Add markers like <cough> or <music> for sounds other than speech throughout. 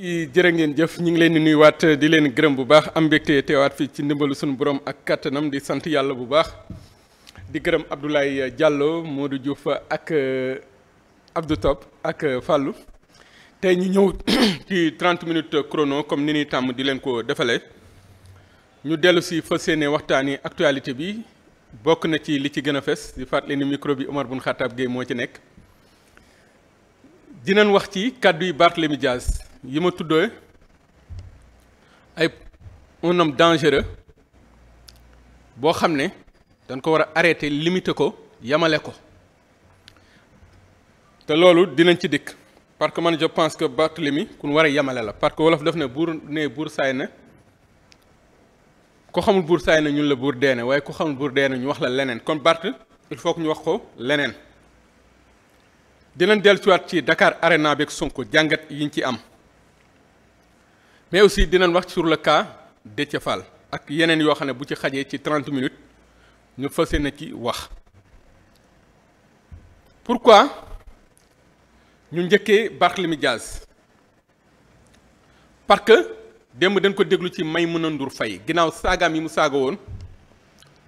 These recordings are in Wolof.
ci jërë ngeen jëf ñu ngi leen di nuyuwaat di leen gërëm bu baax am mbégte teewaat fii ci ndimbalu sunu borom ak kattanam di sant yàlla bu baax di gërëm Abdoulaye Diallo Modou Diouf ak euh, abdu Top ak euh, Fallou tey ñu ñëw <coughs> ci trent minutes crono comme ni ñuy tàmm di leen ko defale ñu dellu si fas yéene waxtaani actualité bi bokk na ci li ci gën a fes di fàttali ni micro bi Omar Bun Khattab Gueye moo ci nekk dinañ wax ci kàddu yi Barthélémy Dias yi ma tuddee ay un homme dangereux boo xam ne dañ ko war a arrêté limité ko yamale ko te loolu dinañ ci dikk parce que man je pense que Barthélemy ku ñu war a yamale la parce que wolof def ne buur ne buur saay na ko xamul buur saay na ñun la buur deene waaye ko xamul buur deene ñu wax la leneen kon Barth il faut que ñu wax ko leneen dinañ dellusiwaat ci dakaar Arena beeg Sonko jàngat yi ñu ci am. mais aussi dinañ wax sur le cas Déthié ak yeneen yoo xam ne bu ci xajee ci trente minutes ñu fase na ci wax pourquoi ñu njëkkee Barthélemy Diaz parce que démb dañ ko déglu ci Maïmouna Ndour Faye ginnaaw saagaam yi mu saaga woon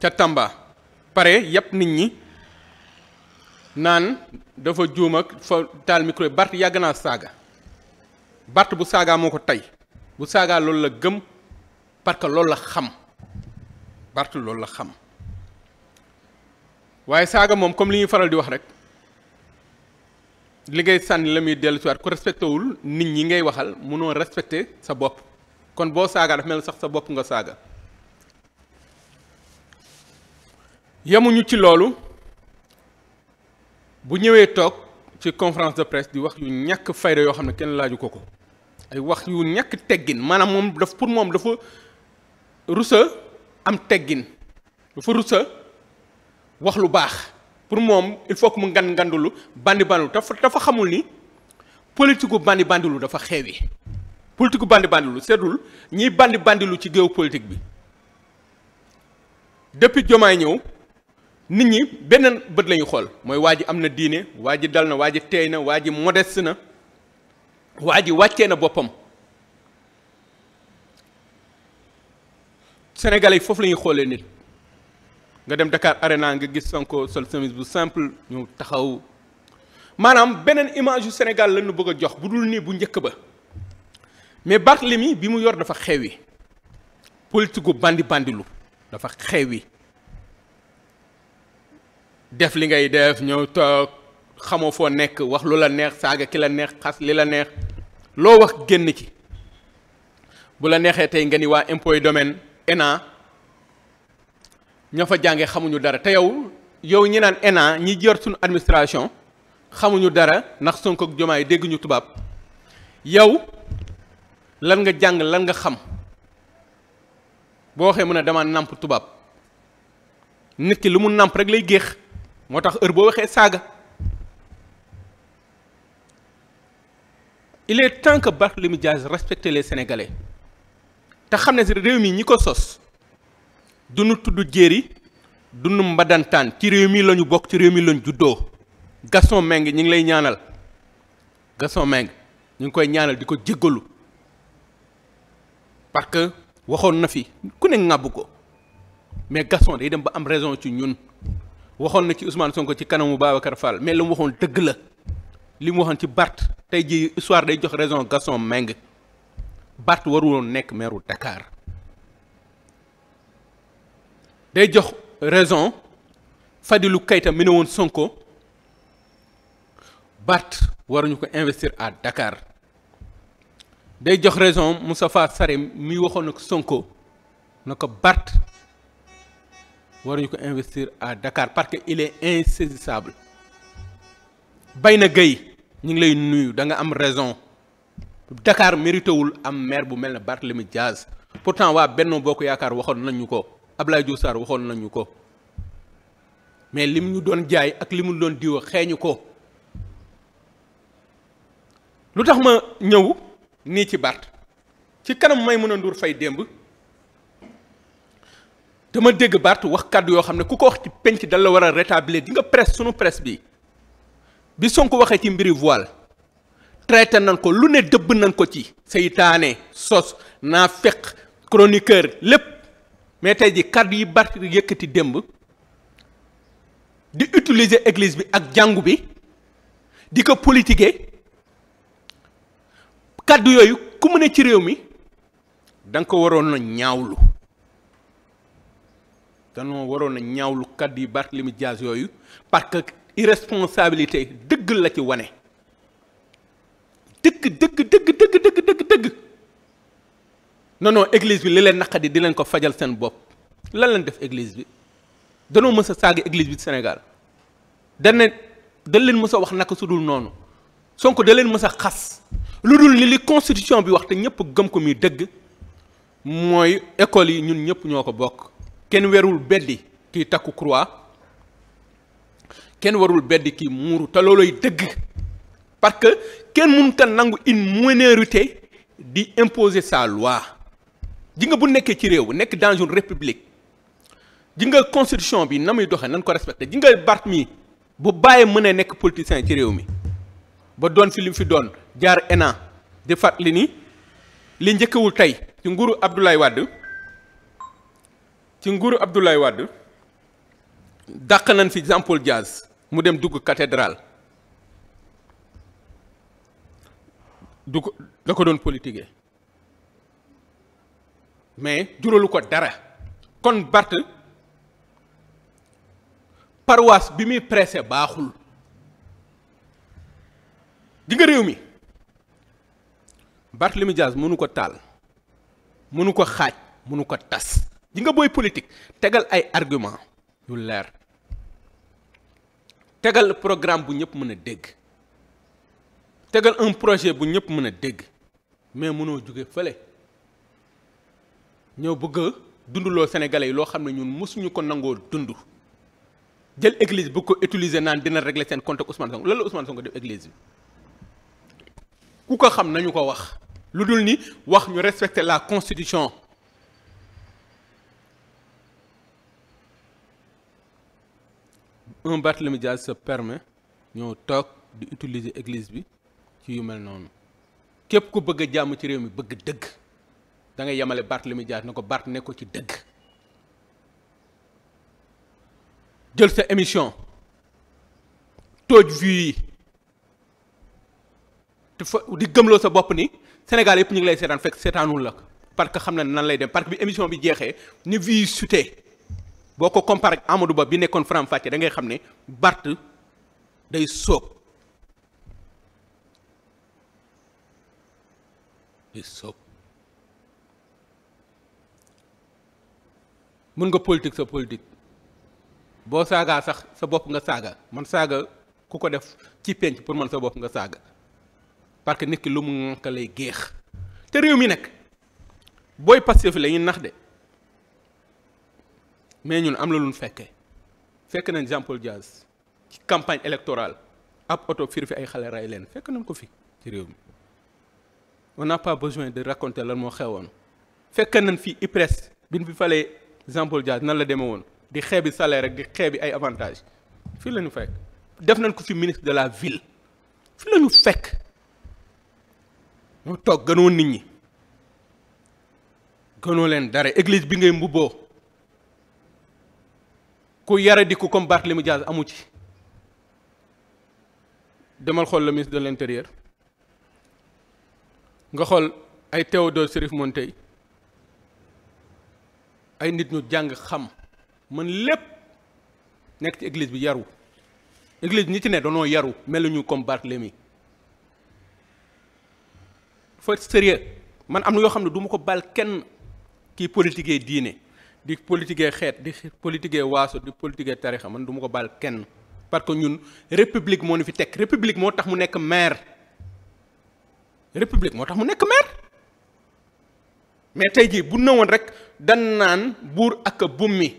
ca Tamba pare yépp nit ñi naan dafa juum ak fa taal micro yi yàgg naa saaga Barth bu saagaa moo ko tey bu saagaa loolu la gëm parce que loolu la xam Barth loolu la xam waaye saaga moom comme li ñuy faral di wax rek li ngay sànni la muy dellu siwaat ku respecté wul nit ñi ngay waxal mënoo respecté sa bopp kon boo saagaa dafa mel sax sa bopp nga saaga yemuñu ci loolu bu ñëwee toog ci conférence de presse di wax yu ñàkk fayda yoo xam ne kenn laaju ko ko ay wax yu ñàkk teggin maanaam moom daf pour moom dafa rusa am teggin dafa rusa wax lu baax pour moom il faut que mu ngan ngandulu bandi bandilu dafa dafa xamul ni politiku bandi bandilu dafa xewi politiku bandi bandilu seddul ñiy bandi lu ci géew politique bi depuis Diomaye ñëw nit ñi benn bët la ñu xool mooy waa ji am na diine waa ji dal na waa ji teey na waa ji modeste na waa ji wàccee na boppam sénégalais yi foofu lañuy ñuy xoolee nit nga dem Dakar Arena nga gis Sonko sol semise bu simple ñu taxaw maanaam beneen image yu Sénégal lañu bëgg a jox bu dul nii bu njëkk ba mais Barthélemy bi mu yor dafa xewi politique gu bandi bandilu dafa xewi def li ngay def ñëw toog xamoo foo nekk wax lu la neex saaga ki la neex xas li la neex loo wax génn ci bu la neexee tey nga ni waa impôt domaine ENA ñoo fa jàngee xamuñu dara te yow yow ñi naan ENA ñi jor suñu administration xamuñu dara ndax Sonko ak Diomaye dégguñu tubaab yow lan nga jàng lan nga xam boo waxee mën a dama nàmp tubaab nit ki lu mu nàmp rek lay géex moo tax heure boo waxee saaga il est temps que Barthélémy Dias respecte les Sénégalais te xam ne si réew mi ñi ko sos duñu tudd jéeri duñu mbadantaan ci réew mi la ñu bokk ci réew mi la ñu juddoo Gaston Meng ñu ngi lay ñaanal Gaston Meng ñu ngi koy ñaanal di ko jéggalu parce que waxoon na fi ku ne ŋàbb ko mais Gaston day dem ba am raison ci ñun waxoon na ci Ousmane Sonko ci kanamu Babacar Fall mais lu mu waxoon dëgg la. li mu waxoon ci barte tey ji histoire day jox raison Gaston Mbengue Barth waruloon nekk meeru Dakar day jox raison Fadilou Keita mi ne woon Sonko Barth waruñu ko investir à Dakar day jox raison Moustapha Sarr mi waxoon ak Sonko na ko Barth waruñu ko investir à Dakar parce que il est insaisissable bay na Gueye ñu ngi lay nuyu danga nga am raison Dakar méritewul am maire bu mel ne Barthélemy Diaz pourtant waa Benno Bokk Yaakaar waxoon nañu ko Abdoulaye Diouf Sarr waxoon nañu ko mais limu ñu doon jaay ak li mu doon diwa xeeñu ko lu tax ma ñëw nii ci Barth ci kanam may mën a fay démb dama dégg Barth wax kàddu yoo xam ne ku ko wax ci penc dal la war a rétablir di nga presse sunu presse bi bi ko waxee ci mbiri voile traité nañ ko lu ne dëbb nañ ko ci seytaane sos naa fekk chroniqueur lépp mais tey ji kàddu yi bari yëkkati démb di utilise eglise bi ak jàngu bi di ko politiquer kàddu yooyu ku mu ci réew mi da ko waroon a ñaawlu danoo waroon a ñaawlu kàddu yi Barthélémy jaas yooyu parce que irresponsabilité dëgg la ci wane dëgg dëgg dëgg dëgg dëgg dëgg église bi li leen naqadi di leen ko fajal seen bopp lan leen def église bi danoo mës a saaga église bi Sénégal dañ ne dañ leen mës a wax naka su dul noonu Sonko da leen mës a xas lu dul ni li constitution bi wax te ñëpp gëm ko muy dëgg mooy école yi ñun ñëpp ñoo ko bokk kenn werul beddi kiy takku croix kenn warul bedd kii muuru te looloy dëgg parce que kenn mun kan nangu une minorité di imposé sa loi ji nga bu nekkee ci réew nekk dans une république ji nga constitution bi na muy doxee nan ko respecté ji nga bart mi bu bàyyi mënee nekk politicien ci réew mi ba doon fi li fi doon jaar ENA di li ni li njëkkewul tey ci nguuru Abdoulaye Wade ci nguuru Abdoulaye Wade dàq nañ fi Jean Paul Diaz mu dem dugg cathédrale du ko da ko doon politique mais juralu ko dara kon Barth paroisse bi muy pressé baaxul dinga réew mi Barthélémy Dias mënu ko taal mënu ko xaaj mënu ko tas di nga booy politique tegal ay argument yu leer tegal programme bu ñëpp mën a dégg tegal un projet bu ñëpp mën a dégg mais mënoo jóge fële ñëw bëgg a dunduloo sénégalais yi loo xam ne ñun mosuñu ko nangoo dund jël église bu ko utiliser naan dina régler seen compte ak Ousmane Sonko lan la Ousmane Sonko def église bi ku ko xam nañu ko wax lu dul ni wax ñu respecter la constitution un Barthélemy Dias sa permet ñoo toog di utiliser église bi ci yu mel noonu képp ku bëgg a jàmm ci réew mi bëgg dëgg da ngay yemale Barthélemy Dias na ko Barth ne ko ci dëgg jël sa émission tooj vue yi te fa di gëmloo sa bopp ni Sénégal yëpp ñu ngi lay seetaan fekk seetaanul la parce que xam na nan lay dem parce bi émission bi jeexee ni vue yi boo ko compare ak Amadou Ba bi nekkoon Faram Facce da ngay xam ne Bart day sóob day mën nga politique sa politique boo saagaa sax sa bopp nga saaga man saaga ku ko def ci penc pour man sa bopp nga saaga parce que nit ki lu mu ŋànk lay géex te réew mi nag booy Pastef la ñuy nax de. mais ñun am la lu fekkee fekk nañ Jean Paul Diaz ci campagne électorale ab oto fir fi ay xale ray leen fekk nañ ko fi ci réew mi on n'a pas besoin de raconter lan moo xewoon fekk nañ fi IPRES bi ñu fi falee Jean Paul Diaz nan la demee woon di xeebi salaire rek di xeebi ay avantages fii la ñu fekk def nañ ko fi ministre de la ville fii la fekk ñoo toog gënoon nit ñi gënoo leen dara église bi ngay mbubboo ku yaradiku comme Barthélémy Dias amu ci demal xool la ministre de l'intérieur nga xool ay Théodore Chérif Monteil ay nit ñu jàng xam mën lépp nekk ci église bi yaru église bi ñi ci ne danoo yaru meluñu comme mi faut sérieux man am na yoo xam ne duma ko bal kenn kii politique diine di politiquer xeet di politiquer waaso di politiquer tarixa man du ma ko baal kenn parce que ñun république moo ñu fi teg république moo tax mu nekk maire république moo tax mu nekk maire mais tey jii bu na woon rek dan naan buur ak bummi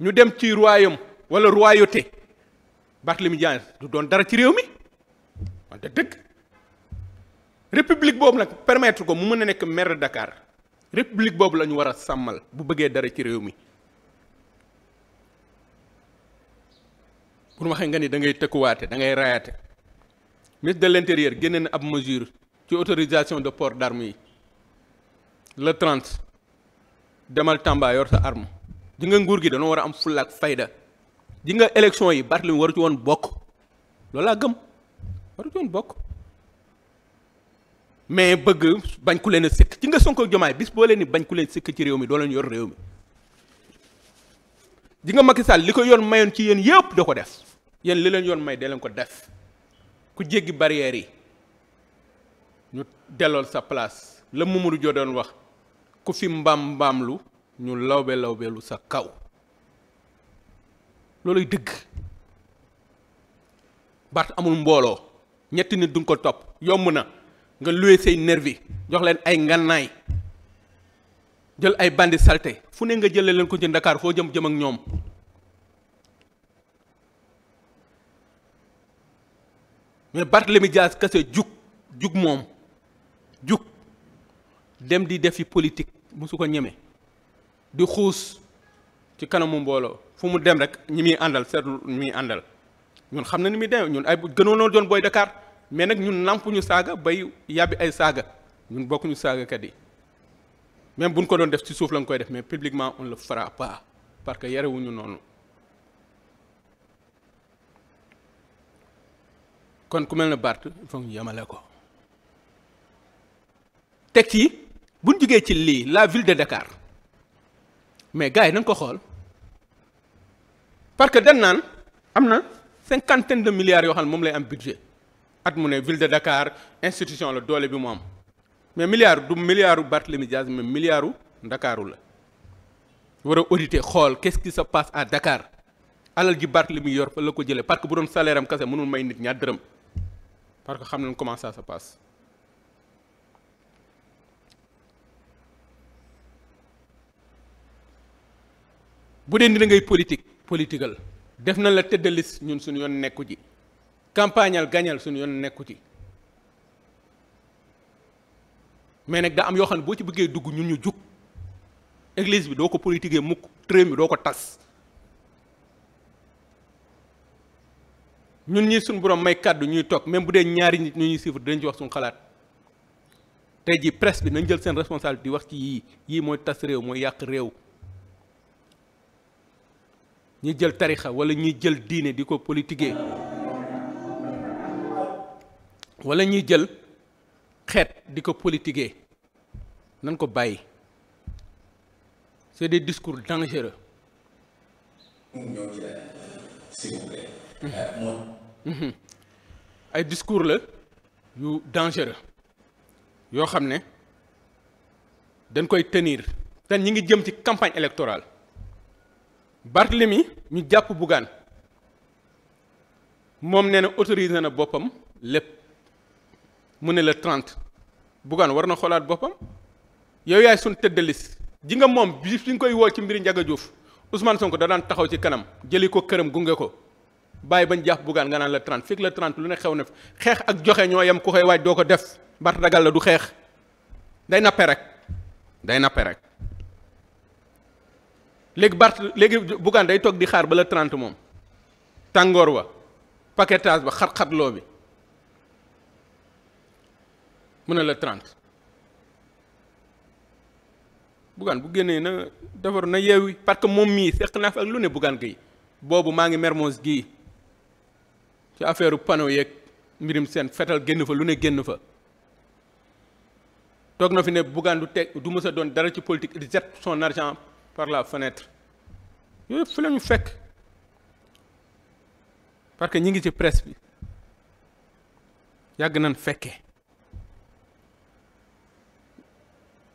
ñu dem ci royaume wala royauté Barthélemy Dias du doon dara ci réew mi wante dëgg république boobu nag permettre ko mu mën a nekk maire dakaar république boobu lañu war a sàmmal bu bëggee dara ci réew mi pour waxee nga ni da ngay tëkkuwaate da ngay raayaate ministre de l'intérieur génne na ab mesure ci autorisation de port d'armes yi le 30 demal Tamba yor sa arme di nga nguur gi dañoo war a am fulla ak fayda di nga élection yi Barthélémy waru ci woon bokk loolaa laa gëm waru ci woon bokk mais bëgg bañ ku leen a ci nga Sonko ak Jomaay bis boo leen ni bañ ku leen sëkk ci réew mi doo leen yor réew mi di nga Macky Sall li ko yoon mayoon ci yéen yëpp da ko def yéen li leen yoon may da leen ko def ku jéggi barrières yi ñu dellool sa place la Mamadou Jo doon wax ku fi mbaam lu ñu lawbe lawbelu sa kaw looluy dëgg Bart amul mbooloo ñett nit duñ ko topp yomb na nga loué say nervi jox leen ay ngannaay jël ay bandi salté fu ne nga jëlee leen ko ci Ndakaar foo jëm jëm ak ñoom mais Barthélemy Dias kese jug jug moom jug dem di def defi politique musu ko ñeme di xuus ci kanamu mbooloo fu mu dem rek ñi muy àndal seetlu ñi muy àndal ñun xam na ni muy dem ñun ay gënoonoo doon booy Dakar mais nag ñun nàmpuñu saaga bay yàbbi ay saaga ñun bokkuñu saagakat yi même buñ ko doon def ci suuf la nga koy def mais publiquement on la fera pas parce que yarewuñu noonu kon ku mel ne Bart il faut ñu ko teg ci buñ jógee ci lii la ville de Dakar mais gars yi nañ ko xool parce que dañ naan am na cinquantaine de milliards yoo xam ne moom lay am budget at mu ne ville de Dakar institution la doole bi mu am mais milliare du milliard u Barthélemy Diaz mais milliard u Ndakaaru la war a xool qu'est-ce qui se passe à Dakar alal ji Barthélemy yor fa la ko jële parce que bu doon salaire kese mënul may nit ñaar dërëm parce que xam nañ comment ça se bu dee ngay politique politikal def na la tëdd ñun suñu yoon nekku ji. campagnal gañal suñu yoon nekku ci mais nag daa am yoo ne boo ci bëggee dugg ñun ñu jug église bi doo ko politiquer mukk tréem bi doo ko tas ñun ñi suñ borom may kàddu ñuy toog même bu dee ñaari nit ñu ñuy suivre dinañ ci wax suñu xalaat te ji presse bi nañ jël seen responsabilité di wax ci yii yii mooy tas réew mooy yàq réew ñi jël tarixa wala ñi jël diine di ko politiquer wala ñuy jël xeet di ko politiquer nan ko bàyyi c'est des discours dangereux. Mmh. ay discours la yu dangereux yoo xam ne dañ koy tenir te ñi ngi jëm ci campagne électorale Barthélemy ñu jàpp Bougane moom nee na autorisé na boppam lépp. mu ne la 30 Bougane war na xoolaat boppam yow yaay sun tëdd liste ji nga moom bi fi nga koy woo ci mbiri Ndiaga Diouf Ousmane Sonko da daan taxaw ci kanam jëli ko këram gunge ko bàyyi bañ jàpp Bougane nga naan la 30 fekk la 30 lu ne xew na fi xeex ak joxe ñoo yem ku koy waaj doo ko def Bart dagal la du xeex day nappe rek day nappe rek léegi Bart léegi Bougane day toog di xaar ba la 30 moom tàngoor wa paquetage ba xat-xatloo bi. mu ne la 30 Bougane bu génnee na defar na yeewi parce que moom mii seq naa fi ak lu ne Bougane Gueye boobu maa ngi Mermoz gii ci affaire panneau yeeg mbirim seen fetal génn fa lu ne génn fa toog na fi ne Bougane du teg du mës doon dara ci politique il jette son argent par la fenêtre yooyu fi la fekk parce que ñi ngi ci presse bi yàgg nañ fekkee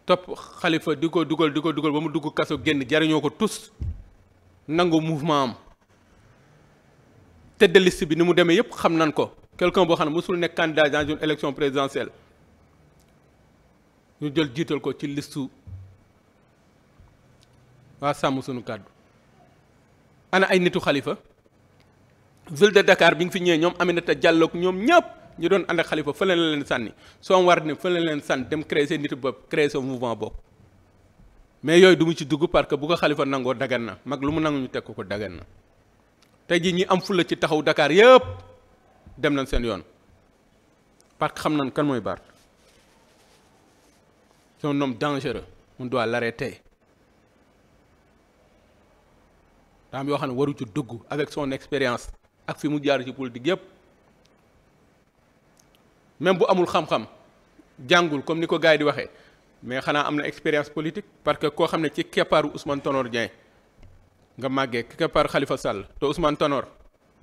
topp xalifa di ko dugal di ko dugal ba mu dugg kaso génn jariñoo ko tus nangu mouvement am tête de liste bi ni mu demee yépp xam nan ko quelqu'un boo xam ne mosul nekk candidat dans une élection présidentielle ñu jël jiital ko ci listu waa sàmm sunu kàddu ana ay nitu xalifa ville de Dakar bi nga fi ñëwee ñoom Aminata Diallo ñoom ñëpp ñi doon ànd xalifa fële na leen sànni soo war ni fële la leen sànni dem créer seen nit bopp créer sa mouvement bokk mais yooyu du ci dugg parce que bu ko xalifa nangoo dagan na mag lu mu nangu ñu teg ko ko na tey jii ñi am fulla ci taxaw dakaar yëpp dem nañ seen yoon parce xam nañ kan mooy Barth c'est un homme dangereux on doit l'arrêter daam yoo xam ne waru ci dugg avec son expérience ak fi mu jaar ci politique yëpp même bu amul xam-xam jàngul comme ni ko gars di waxee mais xanaa am na expérience politique parce que koo xam ne ci keppaaru Ousmane Tanor Dieng nga màggee keppaaru Khalifa Sall te Ousmane Tanor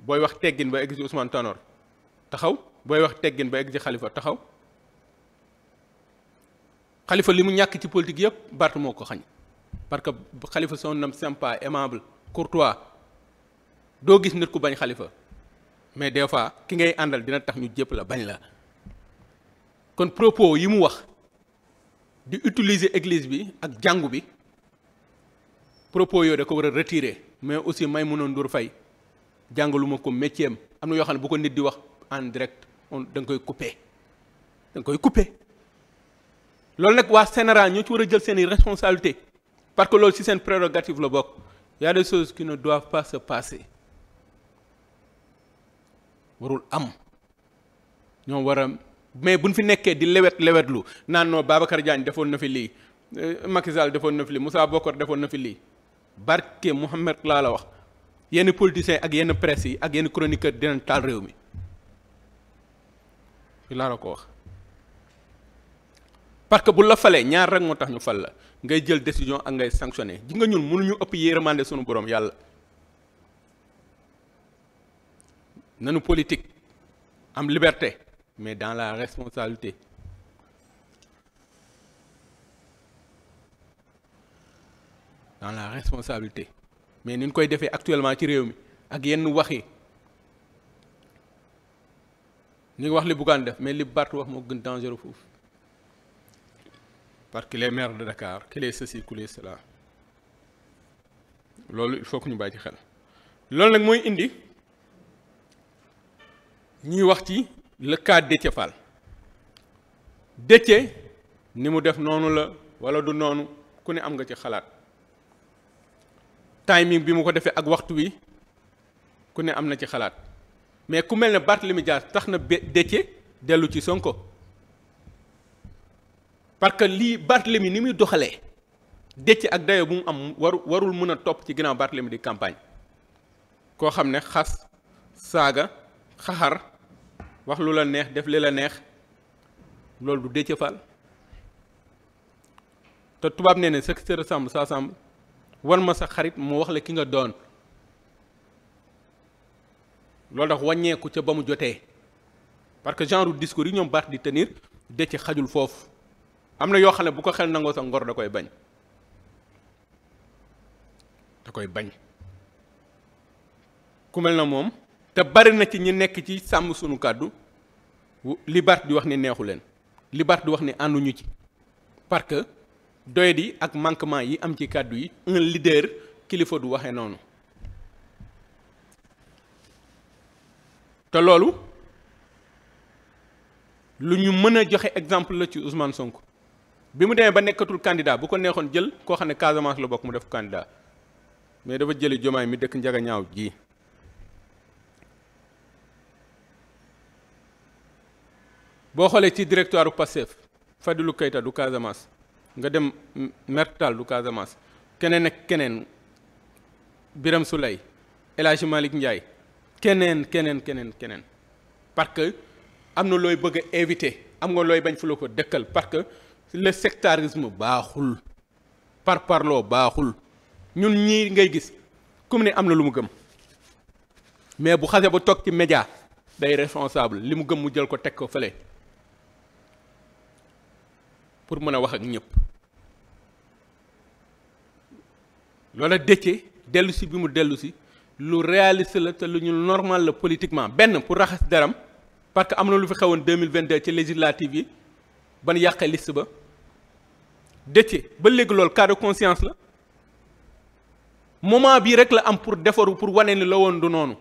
booy wax teggin ba egg ci Ousmane taxaw booy wax teggin ba egg ci taxaw xalifa li mu ñàkk ci politique yëpp Barth moo ko xañ parce que xalifa son homme sympa aimable courtois doo gis nit ku bañ xalifa mais des fois ki ngay àndal dina tax ñu jëpp la bañ la. kon propos yi mu wax di utiliser eglise bi ak jàngu bi propos yooyu da ko war a retirer mais aussi Maïmouna Ndour Faye jàngaluma ko métier am am na yoo xam ne bu ko nit di wax en direct on da koy couper da koy couper loolu nag waa sénéral ñoo ci war a jël seeni responsabilité parce que loolu ci seen prérogative la bokk y a des choses qui ne doivent pas se passer warul am ñoom war mais bu buñ fi nekkee di lewet lewetlu naan noo Babacar Diagne defoon na fi lii eh, Macky Sall defoon na fi lii Moussa Bokar defoon na fi lii barke Mouhamed laa la wax yenn politiciens ak yenn presse yi ak yenn chroniqueur dinañ taal réew mi fi laa la ko wax parce que bu la falee ñaar rek moo tax ñu fal la ngay jël décision ak ngay sanctionné ji nga ñuul ñun ñu ëpp yërmande sunu borom yàlla nanu politique am liberté mais dans la responsabilité dans la responsabilité mais ni koy defee actuellement ci réew mi ak yenn wax yi ñu wax li Bougane def mais li Barth wax moo gën dangereux foofu parce qu'il est maire de Dakar qu'il est ceci qu'il est loolu il faut ñu bàyyi ci xel loolu nag mooy indi ñuy wax ci le cas Déthié Fall Déthié ni mu def noonu la wala du noonu ku ne am nga ci xalaat timing bi mu ko defee ak waxtu wi ku ne am na ci xalaat mais ku mel ne Barthélemy jaar tax na Déthié dellu ci Sonko parce que lii Barthélemy ni muy doxalee Déthié ak dayo bu mu am waru warul mën a topp ci ginnaaw Barthélemy di campagne koo xam ne xas saaga xaxar wax lu la neex def li la neex loolu du Déthié Fall te tubaab nee ne ce qui se ressemble ça semble wan ma sa xarit mu wax la ki nga doon loolu tax wàññeeku ca ba mu jotee parce que genre discours yi ñoom baax di tenir ci xajul foofu am na yoo xam ne bu ko xel nangoo sa ngor da koy bañ da koy bañ ku mel na moom te bari na ci ñi nekk ci sàmm sunu kàddu li Barth di wax ni neexu leen li Barth di wax ni ànduñu ci parce que doyadi ak manquement yi am ci kàddu yi un leader kilifa du waxee noonu te loolu lu ñu mën a joxe exemple la ci Ousmane Sonko bi mu demee ba nekkatul candidat bu ko neexoon jël koo xam ne Casamance la bokk mu def candidat mais dafa jëli jomaay mi dëkk njaga ñaaw ji boo xoolee ci directoire Pastef Fadilou Keita du Casamance nga dem Mertal du Casamance keneen ak keneen biram Souleye El Hadj Malick Ndiaye keneen keneen keneen keneen parce que am na looy bëgg invité am nga looy bañ fu la ko dëkkal parce que le sectarisme baaxul par parloo baaxul ñun ñii ngay gis comme ni am na lu mu gëm mais bu xase ba toog ci média day responsable li mu gëm mu jël ko teg ko fële pour mën a wax ak ñëpp loola dëcce dellu si bi mu dellu si lu réaliste la te lu ñu normal la politiquement benn pour raxas deram parce que am na lu fi xewoon 2022 ci législative yi ban yàqe liste ba dëcce ba léegi loolu cas de conscience la moment bi rek la am pour defaru pour wane ni la woon du noonu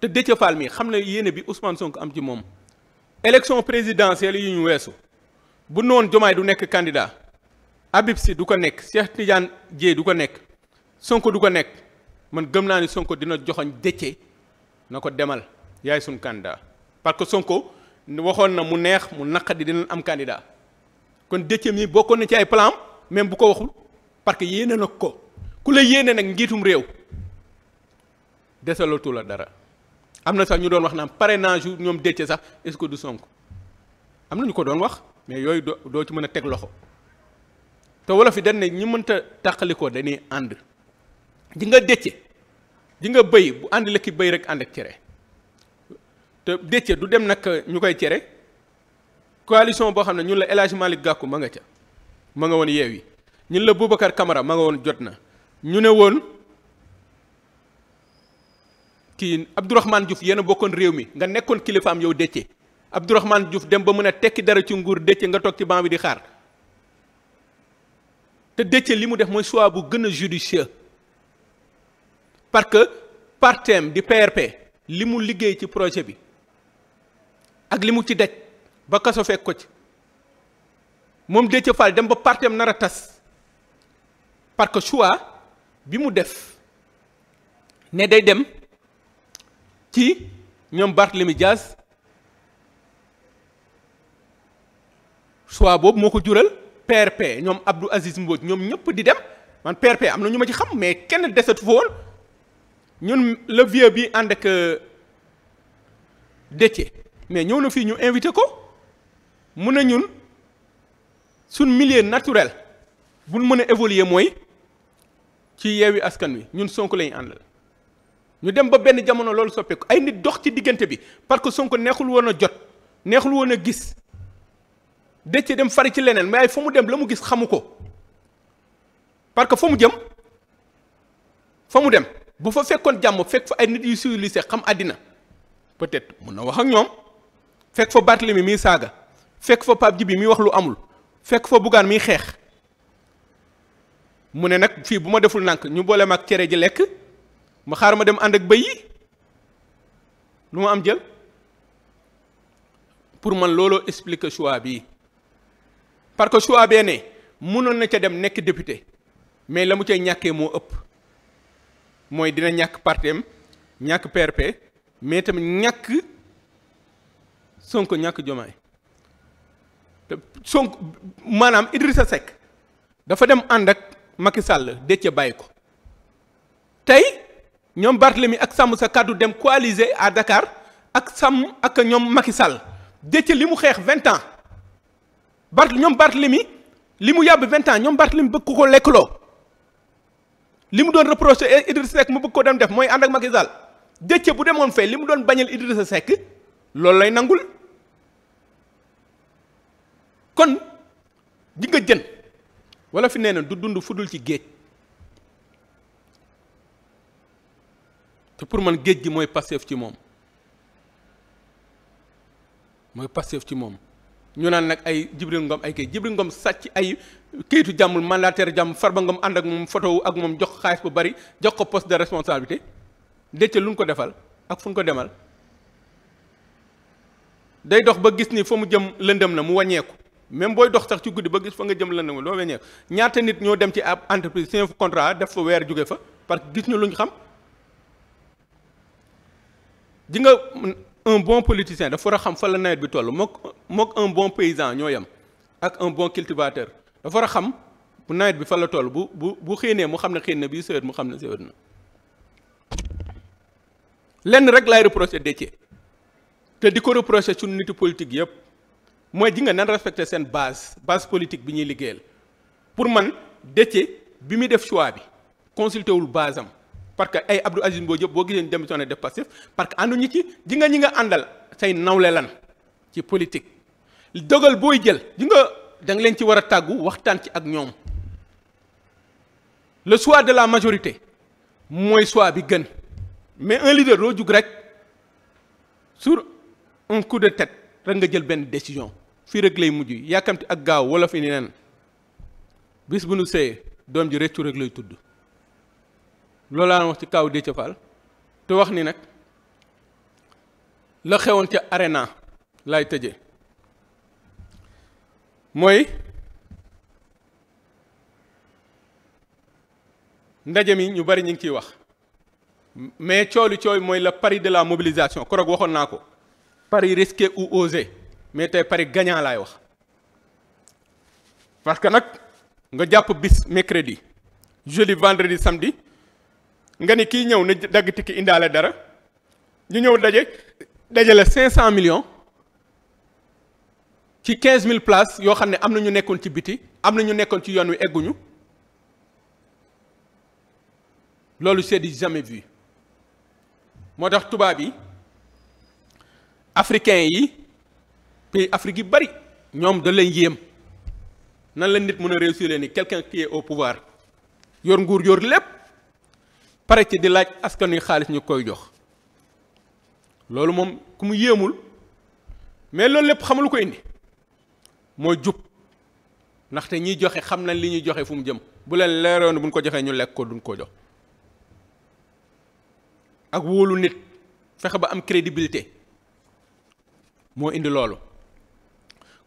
te Déthié Fall mi xam ne yéene bi Ousmane Sonko am ci moom élection présidentielle yi ñu weesu bu noon Jomaay du nekk candidat Habib Sy du ko nekk Cheikh Tidiane Dièye du ko nekk Sonko du ko nekk man gëm naa ni Sonko dina joxoñ Déthié na ko demal yaay suñ candidat parce que Sonko waxoon na mu neex mu naq di dinañ am candidat kon Déthié mii bokkoon na ci ay plan même bu ko waxul parce que yéene na ko ku la yéene nag njiitum réew desalatu la dara am na sax ñu doon wax naan parrainage yu ñoom Déthié sax est-ce que du sonk am na ñu ko doon wax mais yooyu doo doo ci mën a teg loxo te wolof yi dañ ne ñi mënta tàqalikoo dañuy ànd ji nga Déthié ji nga bëy bu ànd la ki bëy rek ànd ak cere te Déthié du dem nag ñu koy cere coalition boo xam ne ñun la El li Malick Gakou ma nga ca ma nga woon yeew yi ñun la Boubacar Camara ma nga woon jot na ñu ne woon kii Abdourahmane Diouf yéen a bokkoon réew mi nga nekkoon kilifaam yow Déthié Abdourahmane Diouf dem ba mën a tekki dara ci nguur Déthié nga toog ci banc bi di xaar te Déthié li mu def mooy choix bu gën a judicieux parce que partem di PRP li mu liggéey ci projet bi ak li mu ci daj ba kaso fekk ko ci moom Déthié Fall dem ba partem nar a tas parce que choix bi mu def ne day dem. ci ñoom Barthélemy Dias choix boobu moo ko jural PRP ñoom Abdou Aziz Mbodj ñoom ñëpp di dem man PRP am na ñu ma ci xam mais kenn desatu fa woon ñun le vieux bi ànd ak euh, Déthié mais ñëw na fii ñu invité ko mun na ñun suñ milieu naturel bul mën a évoluer mooy ci yeewi askan wi ñun Sonko lañu àndal ñu dem ba benn jamono loolu soppeeku ay nit dox ci diggante bi parce que Sonko neexul woon a jot neexul woon a gis dëcc dem fari ci leneen mais fa mu dem la mu gis xamu ko parce que fa mu jëm fa mu dem bu fa fekkoon jàmm fekk fa ay nit yu civilisé xam àddina peut-être mun na wax ak ñoom fekk fa Barthélemy miy saaga fekk fa Pape Djibi muy wax lu amul fekk fa Bougane miy xeex mu ne nag fii bu ma deful nànk ñu boole maag cere ji lekk. ma xaar ma dem ànd ak bëy yi lu ma am jël pour man looloo explique choix bii parce que choix bee ne mënoon na ca dem nekk député mais la mu cay ñàkkee moo ëpp mooy dina ñàkk partem ñàkk perpe mais tamit ñàkk Sonko ñàkk Jomaay te Sonko maanaam Idrissa Seck dafa dem ànd ak Macky Sall de ca bàyyi ko tey ñoom mi ak sàmm sa kàddu dem coaliser à Dakar ak sàmm ak ñoom Macky Sall Déthié li mu xeex vingt ans Barth ñoom mi li mu yàbb vingt ans ñoom Barthélemy bëgg ko ko loo li mu doon reproché Idrissa Seck mu bëgg ko dem def mooy ànd ak Macky Sall bu demoon fee li mu doon bañal sa Seck loolu lay nangul kon di nga jën wala fi nee na du dund fudul ci géej te pour man géej gi mooy Pastef ci moom mooy Pastef ci moom ñu naan nag ay Jibril Ngom ay kay Jibril Ngom sàcc ay kayitu jàmmul mandataire jàmm far Farba Ngom ànd ak moom photo ak moom jox xaalis bu bari jox ko poste de responsabilité décc lu ñu ko defal ak fu ñu ko demal day dox ba gis ni fa mu jëm lëndëm na mu wàññeeku même booy dox sax ci guddi ba gis fa nga jëm lëndëm na loo wàññeeku ñaata nit ñoo dem ci ab entreprise signé contrat def fa weer jóge fa parce que gis ñu lu xam. di nga un bon politicien dafa war a xam fa la nawet bi toll mook mook un bon paysan ñoo yam ak un bon cultivateur dafa war a xam bu nawet bi fa la toll bu bu bu xéenee mu xam ne xéen na bii sëwét mu xam ne sëwét na lenn rek laay reproché Déthié te di ko reproché su nitu politique yëpp mooy ji nga nan respecté seen base base politique bi ñuy liggéeyal pour man Déthié bi muy def choix bi consulté wul base am parce que ay Abdou Aziz Mbodj yëpp boo gisee démissionné def Pastef parce que ànduñu ci ji nga ñi nga àndal say nawle lan ci politique dogal booy jël ji nga da nga leen ci war a tàggu waxtaan ci ak ñoom le choix de la majorité mooy choix bi gën mais un leader doo jug rek sur un coup de tête rek nga jël benn décision fii rek lay mujj yàkkamti ak gaaw wala fi ni nen bis bu nu seeyee doom ji rëccu rek lay tudd loolu laa wax ci kaw Déthié Fall te wax ni nag la xewoon ca arena lay tëje mooy ndaje mi ñu bari ñu ngi ciy wax mais cooli cooy mooy le pari de la mobilisation koroog waxoon naa ko pari risqué ou osé mais tey pari gañaa laay wax parce que nag nga jàpp bis mercredi jeudi vendredi samedi nga ni kii ñëw na dagg tikki indaale dara ñu ñëw daje dajale cinq cent millions ci quinze mille places yoo xam ne am na ñu nekkoon ci biti am na ñu nekkoon ci yoon wi egguñu loolu c'est du jamais vu moo tax tubaab yi africains yi pays Afrique yi bari ñoom da leen yéem nan la nit mën a réussir leen ni quelqu'un qui est au pouvoir yor nguur yor lépp pare ci di laaj askan wi xaalis ñu koy jox loolu moom ku mu yéemul mais loolu lépp xamul ko indi mooy jub ndaxte ñiy joxe xam nañ li ñuy joxe fu mu jëm bu leen leeroon buñ ko joxee ñu lekk ko duñ ko jox ak wóolu nit fexe ba am crédibilité moo indi loolu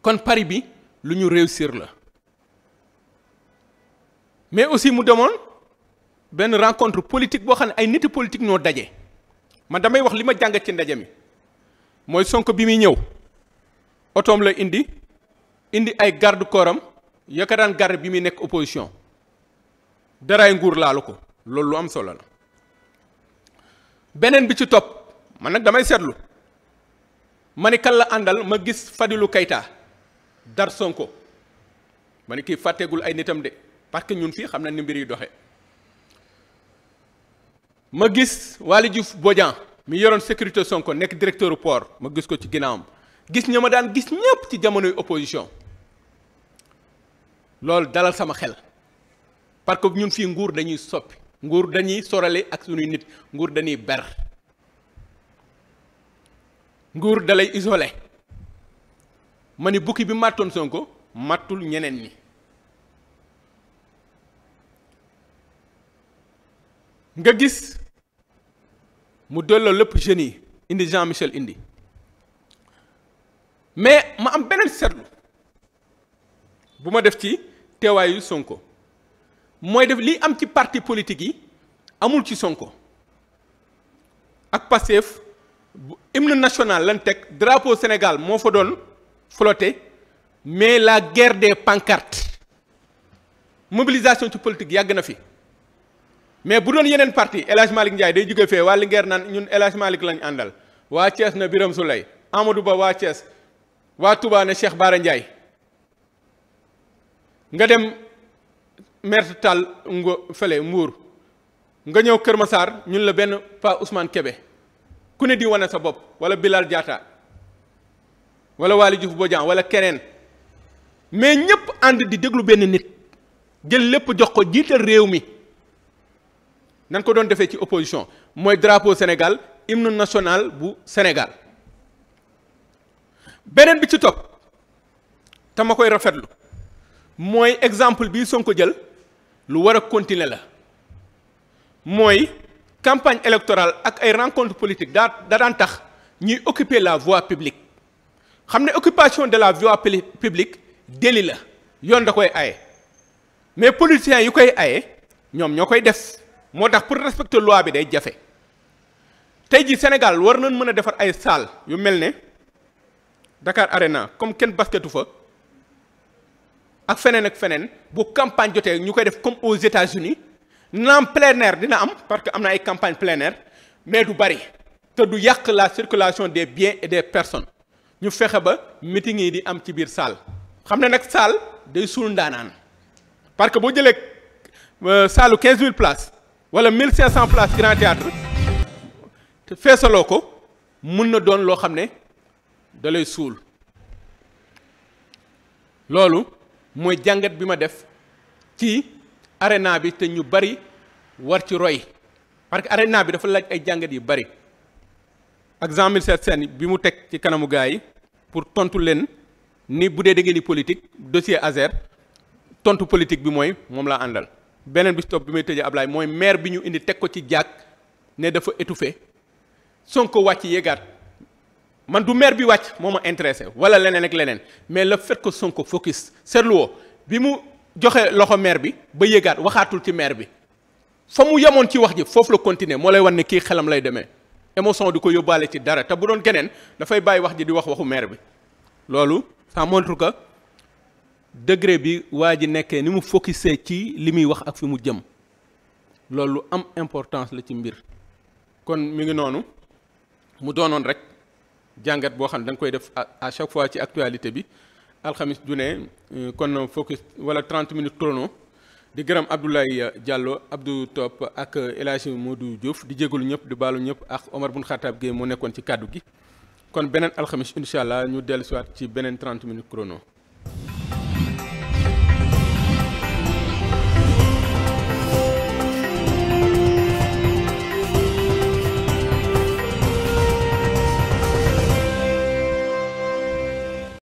kon pari bi lu ñu réussir la mais aussi mu demoon benn rencontre politique boo xam ne ay niti politique ñoo daje man damay wax li ma jàngat ci ndaje mi mooy Sonko bi muy ñëw otoom la indi indi ay garde corps am yaka daan garde bi muy nekk opposition daraay nguur laalu ko loolu lu am solo la beneen bi ci topp man nag damay seetlu ma ni la àndal ma gis Fadilou Keita dar Sonko ma ni kii fàtteegul ay nitam de parce que ñun fii xam na ni mbir yu doxee. ma gis Waly Diouf Bodian mi yoroon sécurité Sonko nekk directeur port ma gis ko ci ginnaawam gis ña ma daan gis ñépp ci jamonoy opposition loolu dalal sama xel parce que ñun fii nguur dañuy soppi nguur dañuy sorale ak sunuy nit nguur dañuy ber nguur dalay isole ma ni bukki bi mattoon Sonko mattul ñeneen ñi nga gis mu delloo lépp jeunes yi indi Jean Michel indi mais ma am beneen seetlu bu ma def ci teewaayu Sonko mooy def li am ci parti politique yi amul ci Sonko ak bu hymne national lan teg drapeau Sénégal moo fa doon flotté mais la guerre des pancartes mobilisation ci politique yàgg na fi. mais bu doon yeneen parti El Hadj Malick day jóge fee waa Linguère naan ñun El Hadj Malick lañ àndal waa Thiès na Birame Souleye Amadou Ba waa Thiès waa Touba ne Cheikh Bara Ndiaye nga dem maire Tall ngo fële mbuur nga ñëw Kër Massar ñun la benn Pa Ousmane Kébé ku ne di wane sa bopp wala Bilal jaata wala Waly Diouf Bodian wala keneen mais ñëpp ànd di déglu benn nit jël lépp jox ko jiital réew mi. nan ko doon defee ci opposition mooy drapeau Sénégal hymne national bu Sénégal beneen bi ci topp te ma koy rafetlu mooy exemple bii ko jël lu war a continuer la mooy campagne électorale ak ay rencontre politique daa da daan tax ñuy occuper la voie publique xam ne occupation de la voie publique délit la yoon da koy aye mais politiciens yu koy aye ñoom ñoo koy def moo tax pour respecter loi bi day jafe tey ji Sénégal war nañ mën a defar ay salle yu mel ne Dakar Arena comme kenn basketu fa ak feneen ak feneen bu campagne jotee ñu koy def comme aux États-Unis naam plein dina am parce que am na ay campagne plein mais du bari te du yàq la circulation des biens et des personnes ñu fexe ba meeting yi di am ci biir salle xam ne nag salle day suul ndaanaan parce que boo jëlee euh, saalu 15000 places. wala 1500 places grand théâtre te feesaloo ko mën na doon loo xam ne da suul loolu mooy jàngat bi ma def ci arena bi te ñu bari war ci roy parce que arena bi dafa laaj ay jàngat yu bari ak Jean Michel Sène bi mu teg ci kanamu gars yi pour tontu leen ni bu dee da ngeen politique dossier Azer tontu politique bi mooy moom laa àndal. beneen bi si bi may tëjee laay mooy maire bi ñu indi teg ko ci jàkk ne dafa étouffé Sonko wàcc yéegaat man du maire bi wàcc moom ma intéressé wala leneen ak leneen mais la fait ko Sonko focus seetlu woo bi mu joxe loxo maire bi ba yéegaat waxaatul ci maire bi fa mu yamoon ci wax ji foofu la continuer moo lay wan ne kii xelam lay demee émotion di ko yóbbaale ci dara te bu doon keneen dafay bàyyi wax ji di wax waxu maire bi loolu ça montre degré bi waa ji nekkee ni mu focusé ci li muy wax ak fi mu jëm loolu am importance la ci mbir kon mi ngi noonu mu doonoon rek jàngat boo xam ne da koy def a chaque fois ci actualité bi alxamis du ne euh, kon focus wala 30 minutes chrono di gërëm Abdoulaye Diallo Abdou topp ak El Hadji Modou Diouf di jégalu ñëpp di baalu ñëpp ak Omar Bun Xattaab Gueye mu nekkoon ci kàddu gi kon beneen alxamis incha allah ñu dellu siwaat ci beneen 30 minutes chrono.